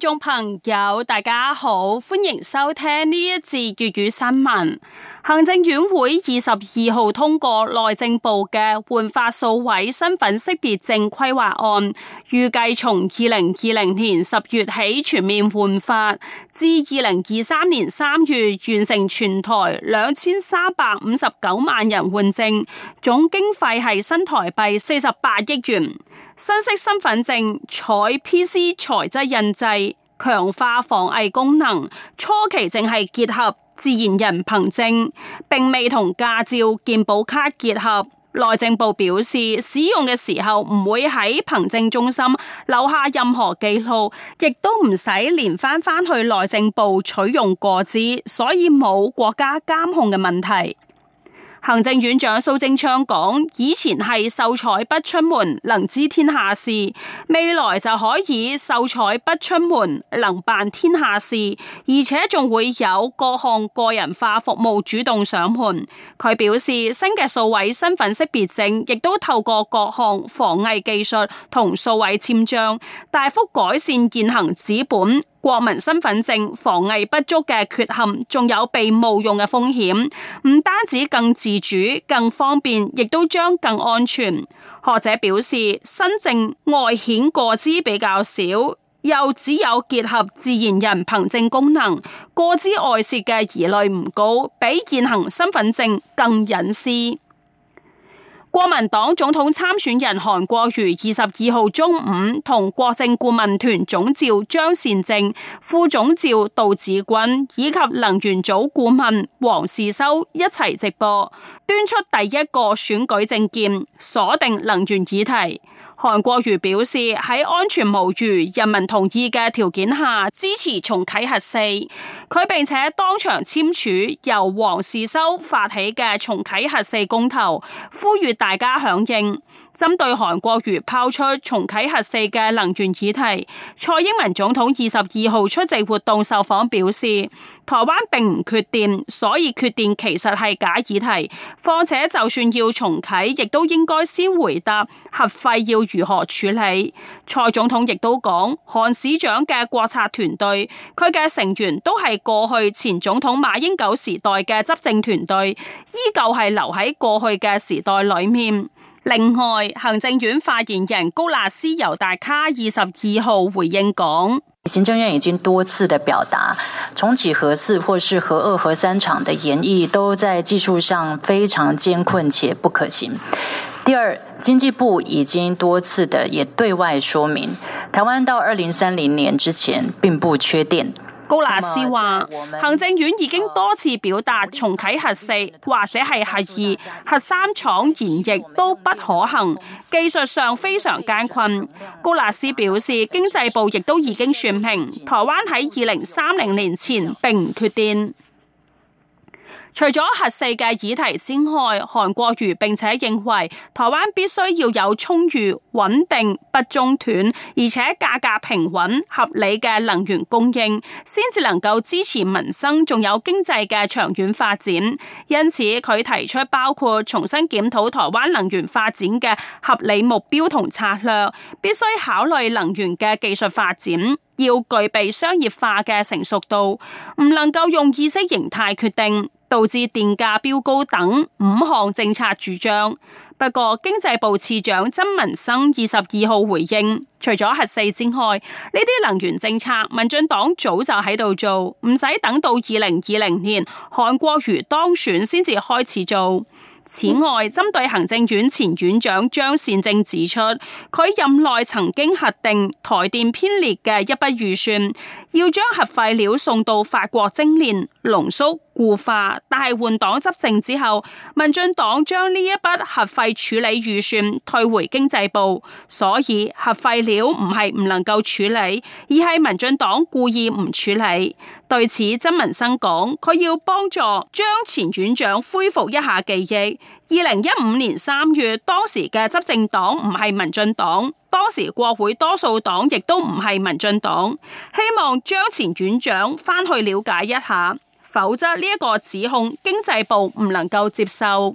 聽眾朋友，大家好，歡迎收聽呢一節粵語新聞。行政院會二十二號通過內政部嘅換發數位身份識別證規劃案，預計從二零二零年十月起全面換發，至二零二三年三月完成全台兩千三百五十九萬人換證，總經費係新台幣四十八億元。新式身份證採 P C 材質印製，強化防偽功能。初期淨係結合自然人憑證，並未同駕照、健保卡結合。內政部表示，使用嘅時候唔會喺憑證中心留下任何記錄，亦都唔使連返返去內政部取用個資，所以冇國家監控嘅問題。行政院長蘇貞昌講：以前係秀才不出門，能知天下事；未來就可以秀才不出門，能辦天下事，而且仲會有各項個人化服務主動上門。佢表示，新嘅數位身份識別證亦都透過各項防偽技術同數位簽章，大幅改善現行紙本。國民身分證防偽不足嘅缺陷，仲有被冒用嘅風險。唔單止更自主、更方便，亦都將更安全。學者表示，新證外顯個資比較少，又只有結合自然人憑證功能，個資外泄嘅疑慮唔高，比現行身分證更隱私。國民黨總統參選人韓國瑜二十二號中午同國政顧問團總召張善政、副總召杜志軍以及能源組顧問黃士修一齊直播，端出第一個選舉政見，鎖定能源議題。韓國瑜表示，喺安全無虞、人民同意嘅條件下支持重啟核四，佢並且當場簽署由黃士修發起嘅重啟核四公投，呼籲大家響應。針對韓國瑜拋出重啟核四嘅能源議題，蔡英文總統二十二號出席活動受訪表示，台灣並唔缺電，所以缺電其實係假議題。況且就算要重啟，亦都應該先回答核廢要如何處理。蔡總統亦都講，韓市長嘅國策團隊，佢嘅成員都係過去前總統馬英九時代嘅執政團隊，依舊係留喺過去嘅時代裏面。另外，行政院發言人高納斯尤大咖二十二號回應講：行政院已經多次的表達，重啟核四或是核二核三廠的研議，都在技術上非常艱困且不可行。第二，經濟部已經多次的也對外說明，台灣到二零三零年之前，並不缺電。高拿斯話：行政院已經多次表達重啟核四或者係核二、核三廠，延役亦都不可行，技術上非常艱困。高拿斯表示，經濟部亦都已經算平，台灣喺二零三零年前並唔缺電。除咗核四嘅議題之外，韓國瑜並且認為台灣必須要有充裕、穩定、不中斷，而且價格平穩、合理嘅能源供應，先至能夠支持民生，仲有經濟嘅長遠發展。因此，佢提出包括重新檢討台灣能源發展嘅合理目標同策略，必須考慮能源嘅技術發展，要具備商業化嘅成熟度，唔能夠用意識形態決定。導致電價飆高等五項政策主張。不過，經濟部次長曾文生二十二號回應，除咗核四之外，呢啲能源政策民進黨早就喺度做，唔使等到二零二零年韓國瑜當選先至開始做。此外，針對行政院前院長張善政指出，佢任內曾經核定台電編列嘅一筆預算，要將核廢料送到法國精煉濃縮。固化，但係換黨執政之後，民進黨將呢一筆核廢處理預算退回經濟部，所以核廢料唔係唔能夠處理，而係民進黨故意唔處理。對此，曾文生講，佢要幫助張前院長恢復一下記憶。二零一五年三月，當時嘅執政黨唔係民進黨，當時國會多數黨亦都唔係民進黨，希望張前院長翻去了解一下。否則，呢一個指控，經濟部唔能夠接受。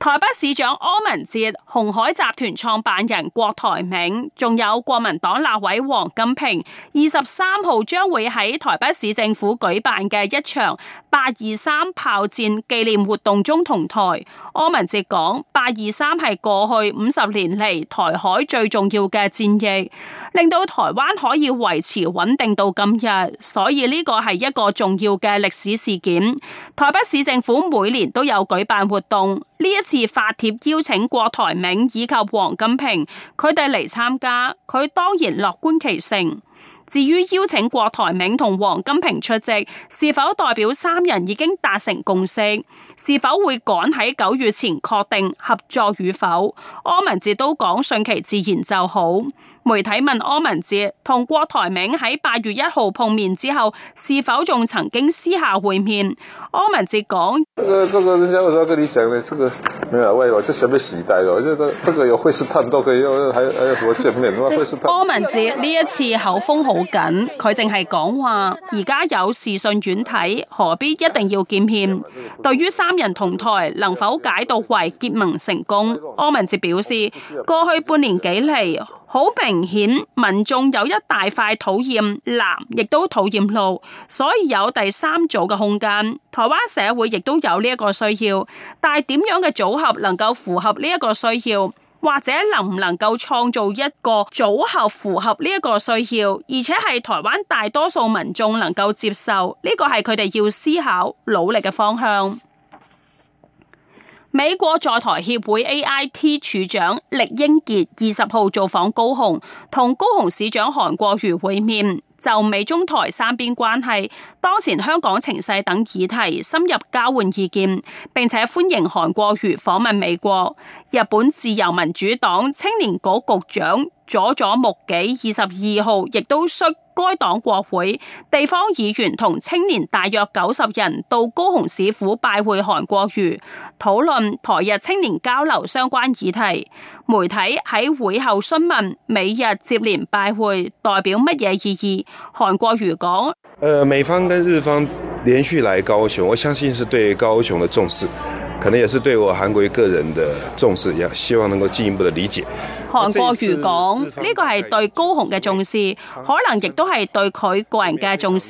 台北市長柯文哲、鴻海集團創辦人郭台銘，仲有國民黨立委王金平，二十三號將會喺台北市政府舉辦嘅一場八二三炮戰紀念活動中同台。柯文哲講：八二三係過去五十年嚟，台海最重要嘅戰役，令到台灣可以維持穩定到今日，所以呢個係一個重要嘅歷史事件。台北市政府每年都有舉辦活動。呢一次發帖邀請郭台銘以及黃金平佢哋嚟參加，佢當然樂觀其成。至於邀請郭台銘同王金平出席，是否代表三人已經達成共識？是否會趕喺九月前確定合作與否？柯文哲都講順其自然就好。媒體問柯文哲同郭台銘喺八月一號碰面之後，是否仲曾經私下會面？柯文哲講，柯文哲呢一次口風好緊，佢淨係講話，而家有視訊軟體，何必一定要見面？對於三人同台能否解讀為結盟成功，柯文哲表示，過去半年幾嚟，好明顯，民眾有一大塊討厭藍，亦都討厭綠，所以有第三組嘅空間。台灣社會亦都有呢一個需要，但係點樣嘅組合能夠符合呢一個需要？或者能唔能夠創造一個組合符合呢一個需要，而且係台灣大多數民眾能夠接受，呢個係佢哋要思考努力嘅方向。美國在台協會 AIT 處長酈英傑二十號造訪高雄，同高雄市長韓國瑜會面，就美中台三邊關係、當前香港情勢等議題深入交換意見，並且歡迎韓國瑜訪問美國。日本自由民主黨青年局局長佐佐木紀二十二號亦都率該黨國會地方議員同青年大約九十人到高雄市府拜會韓國瑜，討論台日青年交流相關議題。媒體喺會後詢問美日接連拜會代表乜嘢意義，韓國瑜講：誒、呃，美方跟日方連續來高雄，我相信是對高雄的重視。可能也是對我韓國瑜個人的重視，也希望能夠進一步的理解。韓國瑜講呢個係對高雄嘅重視，可能亦都係對佢個人嘅重視。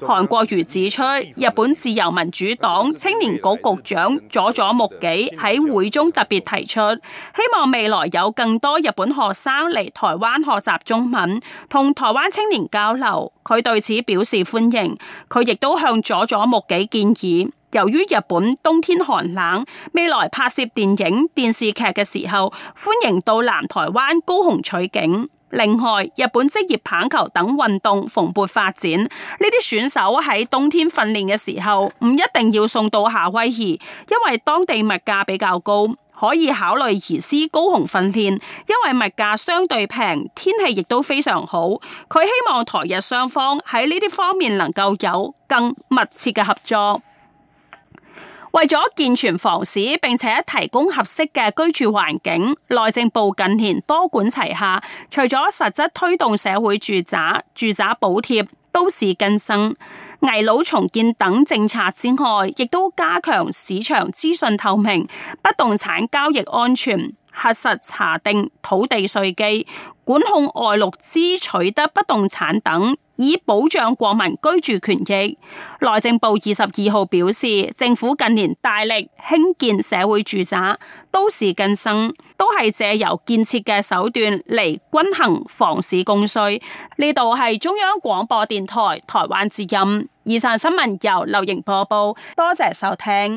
韓國瑜指出，日本自由民主黨青年局局長佐佐木己喺會中特別提出，希望未來有更多日本學生嚟台灣學習中文，同台灣青年交流。佢對此表示歡迎，佢亦都向佐佐木己建議。由於日本冬天寒冷，未來拍攝電影、電視劇嘅時候，歡迎到南台灣高雄取景。另外，日本職業棒球等運動蓬勃發展，呢啲選手喺冬天訓練嘅時候唔一定要送到夏威夷，因為當地物價比較高，可以考慮移師高雄訓練，因為物價相對平，天氣亦都非常好。佢希望台日雙方喺呢啲方面能夠有更密切嘅合作。為咗健全房市，並且提供合適嘅居住環境，內政部近年多管齊下，除咗實質推動社會住宅、住宅補貼、都市更新、危老重建等政策之外，亦都加強市場資訊透明、不動產交易安全、核實查定土地稅基、管控外陸資取得不動產等。以保障國民居住權益。內政部二十二號表示，政府近年大力興建社會住宅、都市更新，都係借由建設嘅手段嚟均衡房市供需。呢度係中央廣播電台台灣之音。以上新聞由劉瑩播報，多謝收聽。